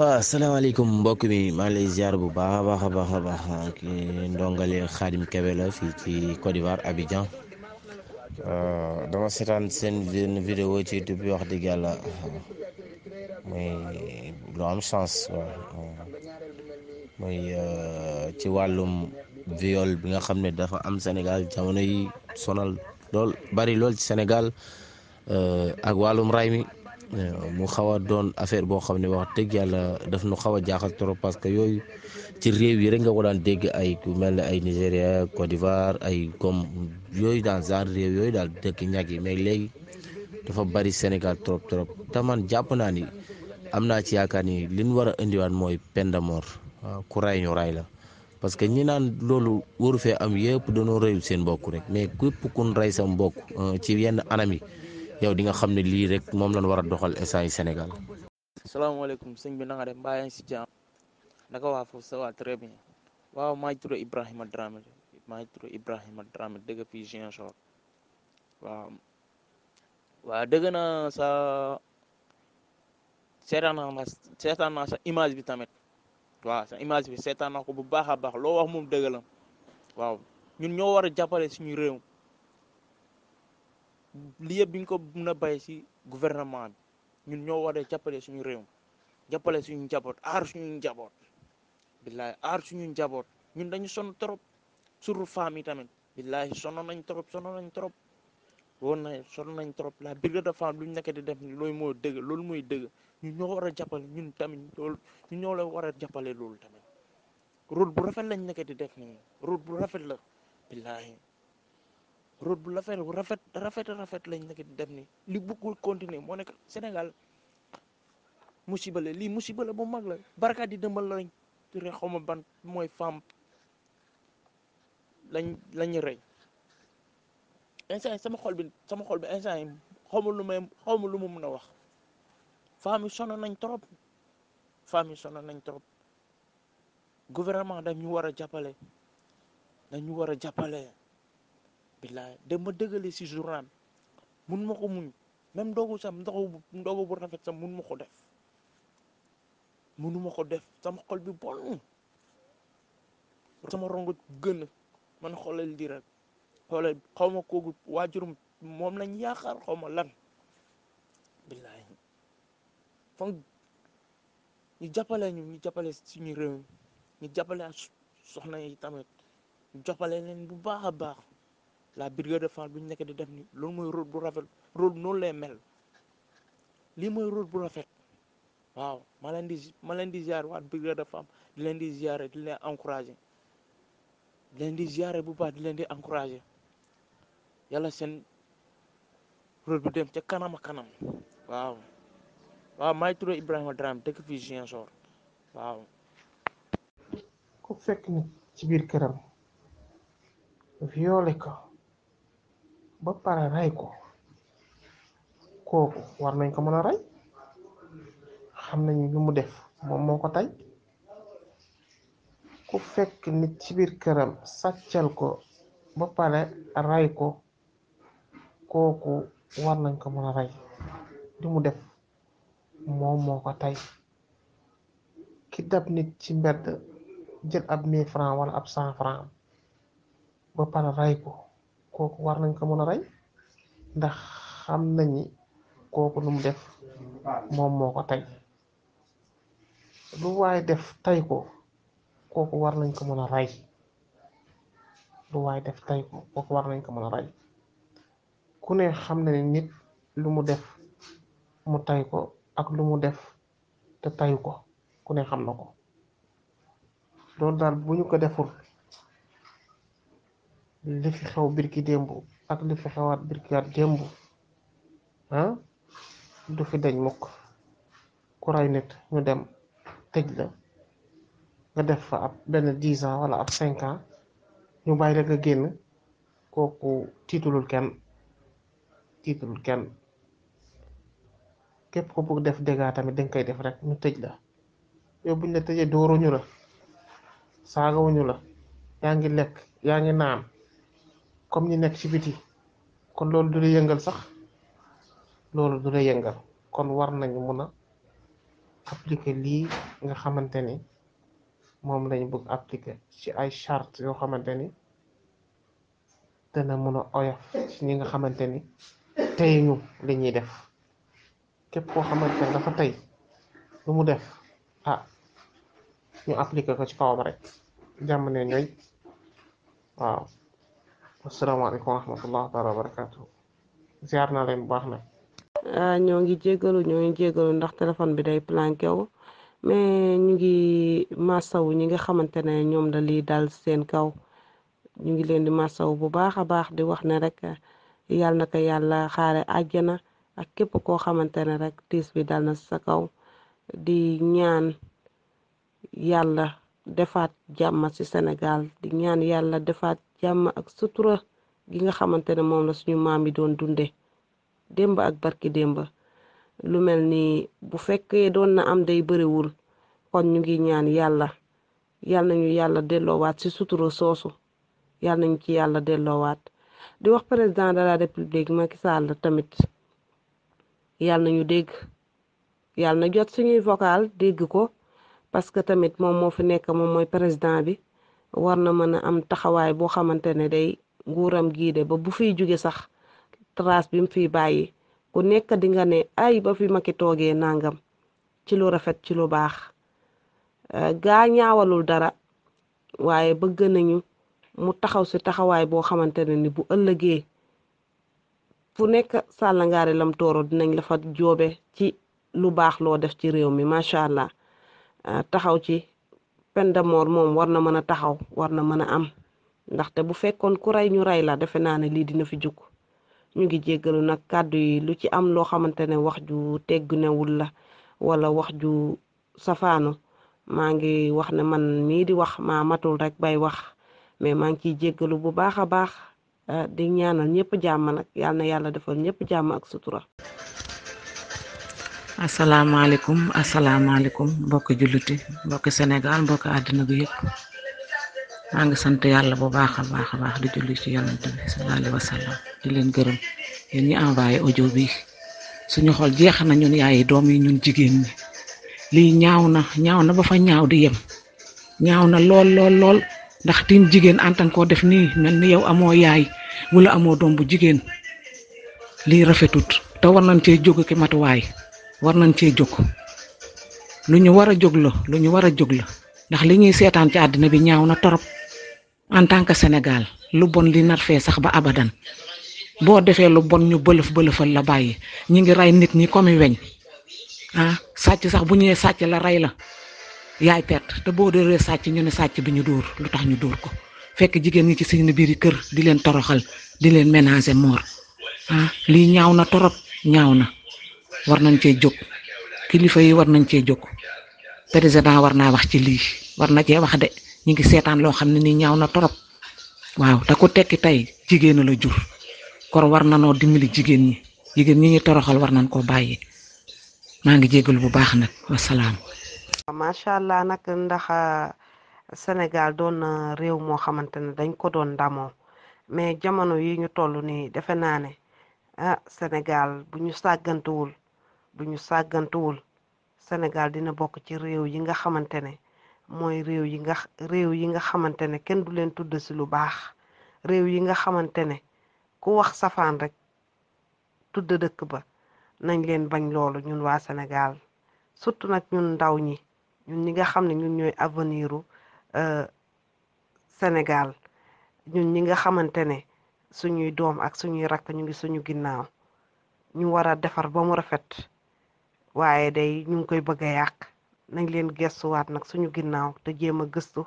waaw salaamaaleykum mbokk mi maa ngi lay ziar bu baax a baax a baax a baax ki ndongale Xaadim Kebe la fii ci Côte d'Ivoire Abidjan euh, dama seetaan seen benn vidéo ci YouTube bi wax dëgg yàlla muy lu am chance waaw muy euh, ci wàllum viol bi nga xam ne dafa am Sénégal jamono yi sonal lool bari lool ci Sénégal euh, ak wàllum ray mi mu xaw a doon affaire boo xam ne wax dëgg yàlla daf nu xaw a jaaxal trop parce que yooyu ci réew yi rek nga ko dégg ay ku mel ne ay Nigéria Côte d'Ivoire ay comme yooyu daal genre réew yooyu daal dëkk ñag yi mais léegi dafa bari Sénégal trop trop te man jàpp naa ni am naa ci yaakaar ni li ñu war a indiwaat mooy peine de mort ku ray ñu ray la. parce que ñi naan loolu waru am yëpp dañoo rëyul seen mbokk rek mais képp kun rey sa mbokk euh, ci yenn anam yow di nga xam ne lii rek moom lañ war a doxal instant Sénégal. salaamaaleykum sëñ bi na nga def mbaa yaa ngi si jàmm naka waa foofu ça va très bien waaw maa ngi tudd Ibrahima Dramé maa ngi tudd Ibrahima Dramé dëgg waaw waaw naa sa seetaan naa sa image bi tamit waaw sa image bi seetaan naa ko bu baax a baax loo wax moom dëgg la waaw ñun ñoo war a jàppale suñu réew. li yëpp duñ ko mën a bay si gouvernement bi ñun ñoo war a jàppale suñu réew jàppale suñu njaboot aar suñu njaboot billahi aar suñu njaboot ñun dañu sonn trop surtout femmes yi tamit billahi sonn nañ trop sonn nañ trop woon na sonn nañ trop la brigade de femme lu ñu nekk di def ni loolu mooy dëgg loolu mooy dëgg ñun ñoo war a jàppale ñun tamit loolu ñun ñoo la war a jàppale loolu tamit rôle bu rafet lañ nekk di def nii rôle bu rafet la billahi route bu rafet rafet rafet rafet lañ nekk di def ni li bëggul continuer moo nekk Sénégal musiba la lii musiba la bu mag la barakaat di dëmbal lañ xaw ma ban mooy femme lañ lañu rey instant sama xol bi sama xol bi instant yi xaw ma lu may xaw lu mu mën a wax femme yi sonn nañ trop femme yi sonn nañ trop gouvernement dañ ñu war a jàppale dañ ñu war a jàppale. billaay de ma dëgale si journal mun ma ko muñ même ndogu sam ndogu ndogu bu rafet sam mun ma ko def munuma ko def sama xol bi bon sama rongo gën man xoolal di rek xoolal xaw ma kooku waajurum moom lañ yaakaar xaw ma lan billaay fa ñu jàppale ñu ñu jàppale suñu réew ñu jàppale soxna tamit ñu leen bu baax a baax la brigade de femmes bi ñu nekk di def ni loolu mooy rôle bu rafet rôle noolu lay mel lii mooy rôle bu rafet waaw ma leen di ma leen di ziare waat brigade di leen di ziare di leen encouragé di leen di ziare bu baax leen di encouragé yàlla seen rôle bu dem ca kanam a kanam waaw waaw maa ngi tudd Ibrahima Dramé dëkk fii Ziguinchor waaw. ku fekk nit ci biir këram ba pare ray ko kooku war nañ ko mën a rey xam nañ lu mu def moom moo ko tey ku fekk nit ci biir këram sàccal ko ba pare ray ko kooku war nañ ko mën a rey li mu def moom moo ko tey ki dab nit ci mbedd jël ab mille franc wala ab cent franc ba pare ray ko kooku war nañ ko mën a rey ndax xam nañ ni kooku lu def moom moo ko tey lu waay def tey ko kooku war nañ ko mën a rey lu waaye def tey ko kooku war nañ ko mën a rey ku ne xam na ni nit lu mu def mu tey ko ak lu mu def te tey ko ku ne xam na ko loolu daal bu ñu deful li fi xew birki démb ak li fi xewaat birkiwaat démb ah du fi dañ mukk ku ray nit ñu dem tëj la nga def fa ab benn dix wala ab cinq ans ñu bay la nga génn kooku tiitulul kenn tiitulul kenn képp ko bëgg def dégâts tamit danga koy def rek ñu tëj la yow buñ la tëjee dóoruñu la saagawuñu la yaa ngi lekk yaa ngi naan comme ni nekk ci biti kon loolu du yëngal sax loolu du la yëngal kon war nañ mun a appliquer lii nga xamante ni moom lañ bëgg appliquer ci ay charte yoo xamante ni dana mun a oyof ci ñi nga xamante ni tey ñu li def képp koo xamante dafa tey lu mu def a ah, ñu appliquer ko ci kawam rek jàmm ne waaw asalaamaaleykum wa rahmatullah taala wa barakaatu ziar naa leen bu baax nag ah, ñoo ngi jégalu ñoo ngi jégalu ndax téléphone bi day planqué wu mais ñu ngi massawu ñi nga xamante ne ñoom da lii dal seen kaw ñu ngi leen di massawu bu baax a baax di wax ne rek yàlla na ko yàlla xaare àjjana ak képp koo xamante ne rek tiis bi dal na sa kaw di ñaan yàlla defaat jàmm ci Sénégal di ñaan yàlla defaat jàmm ak sutura gi nga xamante ne moom la suñu maam yi doon dunde démb ak barki démb lu mel ni bu fekkee doon na am day bëriwul kon ñu ngi ñaan yàlla yàlla nañu yàlla delloowaat si sutura soosu yàlla nañu ci yàlla delloowaat di wax président de la république Macky Sall tamit yàlla nañu dégg yàlla na jot suñuy vocal dégg ko parce que tamit moom moo fi nekk moom mooy président bi war na mën a am taxawaay boo xamante ne day nguuram de ba bu fi jóge sax trace bi mu fiy bàyyi ku nekk di nga ne ay ba fi maki toogee nangam ci lu rafet ci lu baax euh, gaa ñaawalul dara waaye bëgg nañu mu taxaw si taxawaay boo xamante ne ni bu ëllëgee fu nekk sàllangaari lam tooro dinañ la fa joobe ci lu baax loo def ci réew mi macha allah euh, taxaw ci peine de mort moom war na mën a taxaw war na mën a am ndaxte bu fekkoon ku rey ñu rey la defe naa ne lii dina fi jug ñu ngi jéggalu nag kàddu yi lu ci am loo xamante ne wax ju teggunewul la wala wax ju safaanu maa ngi wax ne man mii di wax maa matul rek bay wax mais maa ngi ciy jéggalu bu baax a baax ah, di ñaanal ñëpp jàmm nag yal na yàlla defal ñëpp jàmm ak sutura asalaamaaleykum asalaamaaleykum mbokki julliti mbokki Sénégal mbokki àddina bi yëpp maa ngi sant yàlla bu baax a baax a baax di julli ci yonent bi sallallahu alayhi wa sallam di leen gërëm yéen ñi envoyé bi suñu xol jeex na ñun yaayi doom yi ñun jigéen lii ñaaw na ñaaw na ba fa ñaaw di yem ñaaw na lool lool ndax tin jigéen en tant def nii mel ni yow amoo yaay wala amoo doom bu jigéen li rafetut te war nañ cee jóg ki matuwaay. war nañ cee jóg lu ñu war a jóg la lu ñu war a jóg ndax li ñuy seetaan ci àddina bi ñaaw na torop en tant que Sénégal lu bon li nar fee sax ba abadan boo defee lu bon ñu bëlëf bëlëfal la bàyyi ñi ngi rey nit ñi comme weñ ah sàcc sax bu ñëwee sàcc la rey la yaay perte te boo dee sàcc ñu ne sàcc bi ñu dóor lu tax ñu dóor ko fekk jigéen ñi ci seen biir yi kër di leen toroxal di leen ménager moor ah lii ñaaw na torop ñaaw na. war nañ cee jóg kilifa yi war nañ cee jóg président war naa wax ci lii war na cee wax de ñu ngi seetaan loo xam ne nii ñaaw na torop waaw te ku tekki tey jigéen la jur kon war na noo dimbali jigéen ñi jigéen ñi ñu toroxal war nañ koo bàyyi maa ngi jégalu bu baax nag wasalaam. macha allah nag ndax euh, Sénégal doon na réew moo xamante ne dañ ko doon ndamoo mais jamono yi ñu toll nii defe naa ne ah Sénégal bu ñu sàggantewul bu ñu sàggantuwul Sénégal dina bokk ci réew yi nga xamante ne mooy réew yi nga réew yi nga xamante ne kenn du leen tudd si lu baax réew yi nga xamante ne ku wax safaan rek tudd dëkk ba nañ leen bañ loolu ñun waa Sénégal surtout nag ñun ndaw ñi ñun ñi nga xam ne ñun ñooy aveniru euh, Sénégal ñun ñi nga xamante ne suñuy doom ak suñuy rakk ñu ngi suñu ginnaaw ñu war a defar ba mu rafet waaye day ñu ngi koy bëgg yàq nañ leen gestuwaat nag suñu ginnaaw te jéem a gëstu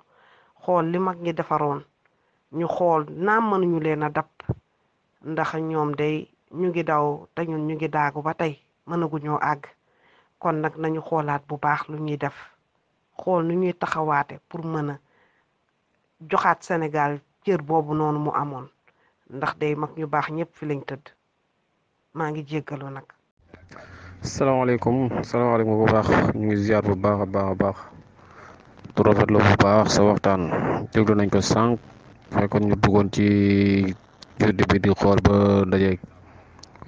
xool li mag ñi defaroon ñu xool naam mënuñu leen a dab ndax ñoom day ñu ngi daw te ñu ngi daagu ba tey mënaguñoo àgg kon nag nañu xoolaat bu baax lu ñuy def xool nu ñuy taxawaate pour mën a joxaat senegal cër boobu noonu mu amoon ndax day mag ñu baax ñëpp fi lañ tëdd maa ngi jéggalu nag salaamaaleykum salaamaaleykum bu baax ñu ngi ziar bu baax a baax a baax du rafetlu bu baax sa waxtaan déglu nañ ko sànq fekkoon ñu bëggoon ci juddi bi di xool ba dajeeg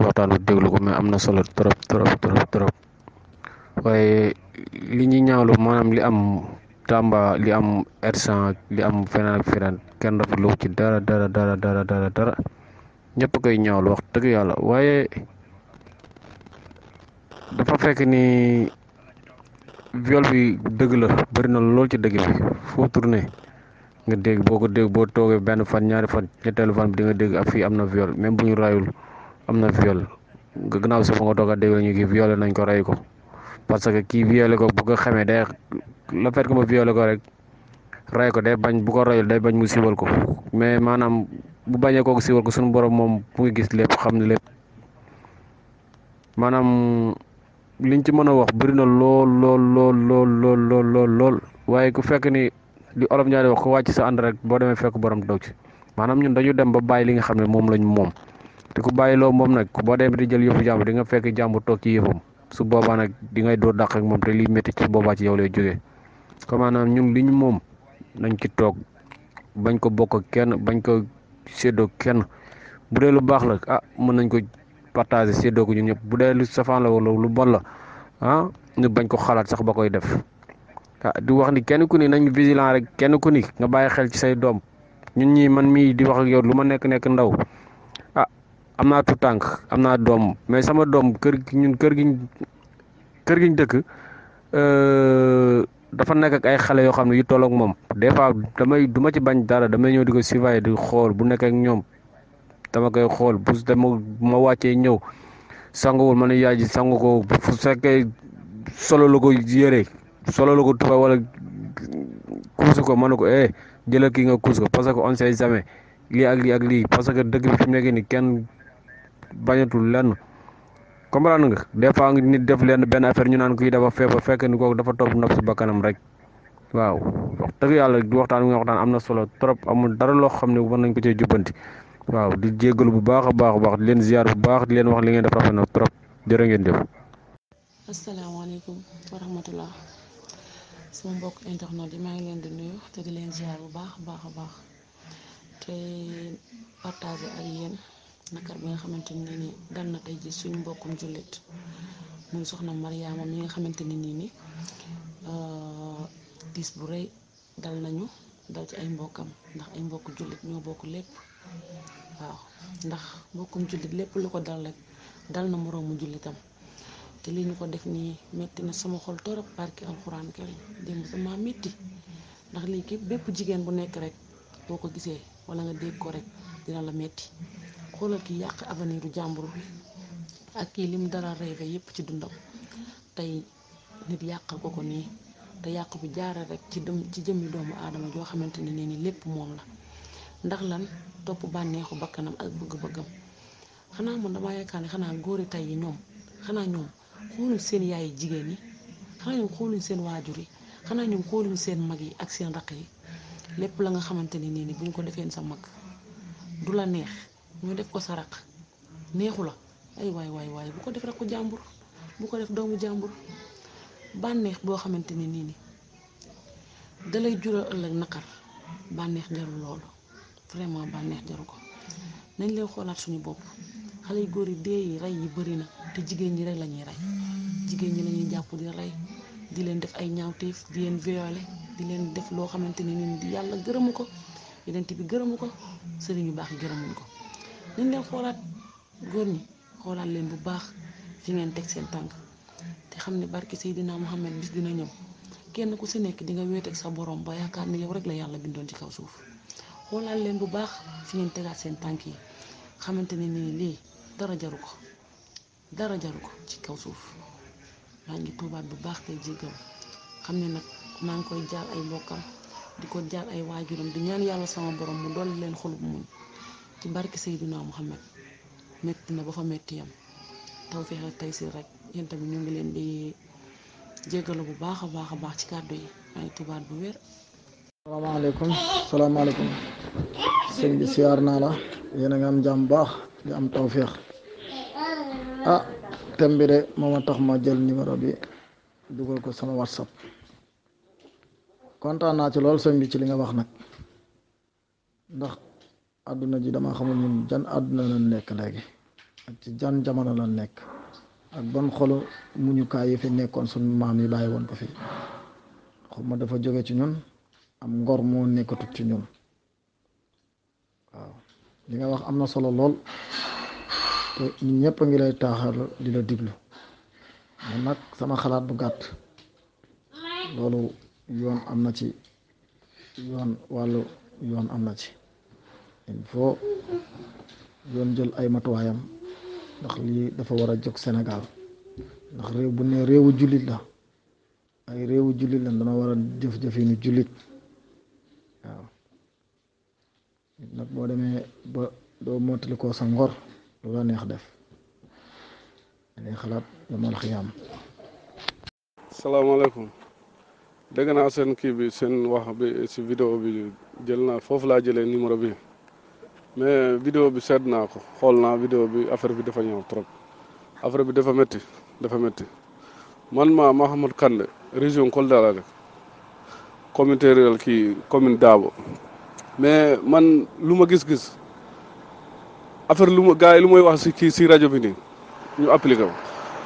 waxtaan bi déglu ko mais am na solo trop trop trop trop waaye li ñuy ñaawlu maanaam li am Tamba li am Hersent li am feneen ak feneen kenn rafetlu ci dara dara dara dara dara dara ñëpp koy ñaawlu wax dëgg yàlla waaye. dafa fekk nii viole bi dëgg la bëri na lool ci dëgg bi foo tourné nga dégg boo ko dégg boo toogee benn fan ñaari fan ñetteelu fan bi di nga dégg ak ah, fii am na viole même bu ñu rayul am na viol nga gannaaw si fa nga toog a dégg ñu kii violé nañ ko ray ko parce que kii violé ko bu ko xamee day la fait que ma ko rek ray ko day bañ bu ko rayul day bañ mu siwal ko mais maanaam bu bañee kook siwal ko suñu borom moom mu ngi gis lépp xam ne lépp maanaam liñ ci mën a wax bëri na lool lool lool lool lool lool lool lool waaye ku fekk ni li olof ñaari wax ko wàcc sa ànd rek boo demee fekk borom dog ci maanaam ñun dañu dem ba bàyyi li nga xam ne moom lañ moom te ku bàyyi moom nag boo demee di jël yëfu jàmbur di nga fekk jàmbur toog ci yëfam su boobaa nag di ngay dóor dàq ak moom te boobaa ci yow lay jógee comme maanaam ñun liñ moom nañ ci toog bañ ko bokk kenn bañ ko séddoo kenn bu dee lu baax la ah mën nañ ko partagé séddoo ko ñun ñëpp bu dee lu safaan la wala lu bon la ah ñu bañ ko xalaat sax ba koy def ah, di wax ni kenn ku ni nañ vigilant rek kenn ku ni nga bàyyi xel ci say doom ñun ñi man mii di wax ak yow lu ma nekk nekk ndaw ah am naa tout tànk am naa doom mais sama doom kër ñun kër giñ kër giñ dëkk euh, dafa nekk ak ay xale yoo xam ne yu tollook moom des fois damay du ci bañ dara damay ñëw di ko surveiller di xool bu nekk ak ñoom. dama koy xool bu dama ma wàccee ñëw sanguwul ma ne yaay ji sangu ko bu fekkee solo la ko yére solo la ko tufa wala kuus ko ma ne ko eh jëla kii nga kuus ko parce que on sait jamais lii ak lii ak lii parce que dëkk bi fi mu nekk nii kenn bañatul lenn comprendre nga des fois nit def lenn benn affaire ñu naan kii dafa feebar fekk ni kooku dafa topp naf si bakkanam rek waaw wax dëgg yàlla waxtaan bi nga waxtaan am na solo trop amul dara loo xam ne war nañ ko cee jubbanti waaw di jéggalu bu baax a baax baax di leen ziar bu baax di leen wax li ngeen def rafet na trop jërë ngeen jëf. asalaamaaleykum wa rahmatulah sama mbokk internet yi maa ngi leen di nuyu te di leen ziar bu baax baax a baax te partager ak yéen nakar bi nga xamante ne nii dal na tey ji suñu mbokkum jullit muy soxna Mariama mi nga xamante ne nii nii euh, tiis bu rëy dal nañu dal ci ay mbokkam ndax ay mbokk jullit ñoo bokk lépp. waaw ndax mbokkum jullit lépp lu ko dal rek dal na moroomu jullitam te li ñu ko def nii metti na sama xol torop barki alxuraan karim démb sama metti ndax lii képp bépp jigéen bu nekk rek boo ko gisee wala nga dégg ko rek dina la metti xoolal ki yàq aveniru jàmbur bi ak kii lim dara rêve yépp ci dundam tey nit yàqal ko ko nii te yàq bu jaara rek ci dem ci jëmmi doomu aadama joo xamante ne nii lépp moom la ndax lan topp bànneexu bakkanam ak bëgg-bëggam xanaa man damaa yaakaar ni xanaa góori tey yi ñoom xanaa ñoom xooluñ seen yaay jigéen yi xanaa ñoom xooluñ seen waajur yi xanaa ñoom xooluñ seen mag yi ak seen raq yi lépp la nga xamante ne nii buñ ko defeen sa mag du la neex ñu def ko sa raq neexu la ay waay waay waay bu ko def raqu jàmbur bu ko def doomu jàmbur bànneex boo xamante ne nii ni dalay jural ëllëg naqar bànneex jarul loolu vraiment bànneex jaru ko nañ leen xoolaat suñu bopp xale yu góor yi dee yi rey yi bëri na te jigéen ñi rek la ñuy rey jigéen ñi lañuy jàpp di rey di leen def ay ñaawteef di leen violé di leen def loo xamante ni ñun yàlla gërëmu ko yonent bi gërëmu ko sëriñ yu baax gërëmuñ ko nañ leen xoolaat góor ñi xoolaat leen bu baax fi ngeen teg seen tànk te xam ne barki Seydina Muhammad bis dina ñëw kenn ku si nekk di nga wéeteeg sa borom ba yaakaar ne yow rek la yàlla bindoon ci kaw suuf. xoolaal leen bu baax fi ngeen tegaat seen tànk yi xamante ne nii lii dara jaru ko dara jaru ko ci kaw suuf maa ngi tuubaat bu baax tey jéggal xam ne nag maa ngi koy jaar ay mbokkam di ko jaar ay waajuram di ñaan yàlla sama borom mu dolli leen xolub muñ ci barke Seydina Muhammad métti na ba fa métti yam taw feex ak tey si rek yéen tamit ñu ngi leen di jéggalu bu baax a baax a baax ci kàddu yi maa ngi tuubaat bu wér salaamaaleykum salaamaaleykum sëñ bi siyaar naa la yéen a ngi am jàmm baax di am tawféex ah thème bi de moom a tax ma jël numéro bi dugal ko sama whatsapp kontaan naa ci lool sëñ bi ci li nga wax nag ndax àdduna ji dama xamul ñun jan àdduna lan nekk léegi ak ci jan jamono lan nekk ak ban xolu muñukaay yi fi nekkoon suñu maam yi bàyyi woon ko fi xaw ma dafa jóge ci ñun am ngor moo nekkatu ci ñun waaw li nga wax am na solo lool te ñun a ngi lay taaxal di la diglu man nag sama xalaat bu gàtt loolu yoon am na ci yoon wàllu yoon am na ci il faut yoon jël ay matuwaayam ndax lii dafa war a jóg senegal ndax réew bu ne réewu jullit la ay réewu jullit la dana war a jëf-jëfinu jullit nag boo demee ba doo mottali koo sa ngor lu la neex def dangay xalaat yamal xiyaam salaamaaleykum dégg naa seen kii bi seen wax bi si vidéo bi jël naa foofu laa jëlee numéro bi mais vidéo bi seet naa ko xool naa vidéo bi affaire bi defa ñëw trop affaire bi dafa metti dafa metti man ma Mahamad Kande région Kolda la rek communauté rurale commune Dabo mais man lu ma gis-gis affaire lu ma gars lu may wax si kii si rajo bi nii ñu appliqué ko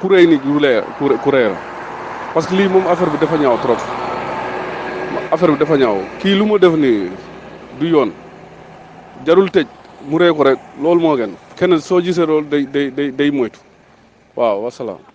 ku rëy ni ku lee parce que lii moom affaire bi dafa ñaaw trop affaire bi dafa ñaaw kii lu ma def nii du yoon jarul tej mu rëy rek loolu moo gën kenn soo gisee loolu day day day day moyt waaw wasalaam